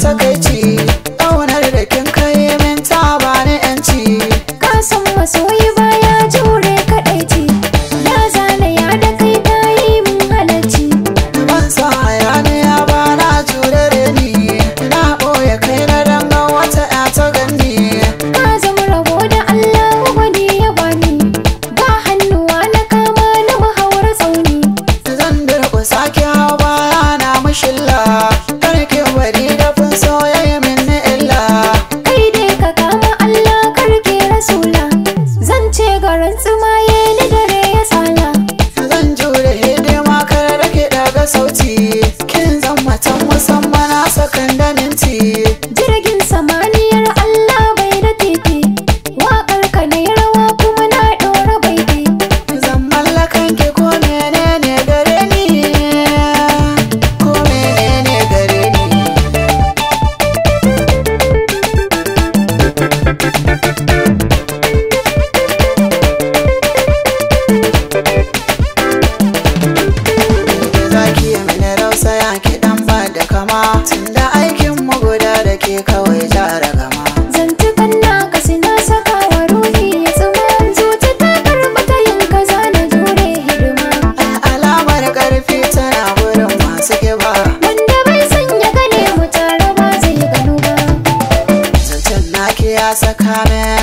takaici ƙaunar da kin kai min ta bani 'yanci ka san masoyi as a comment.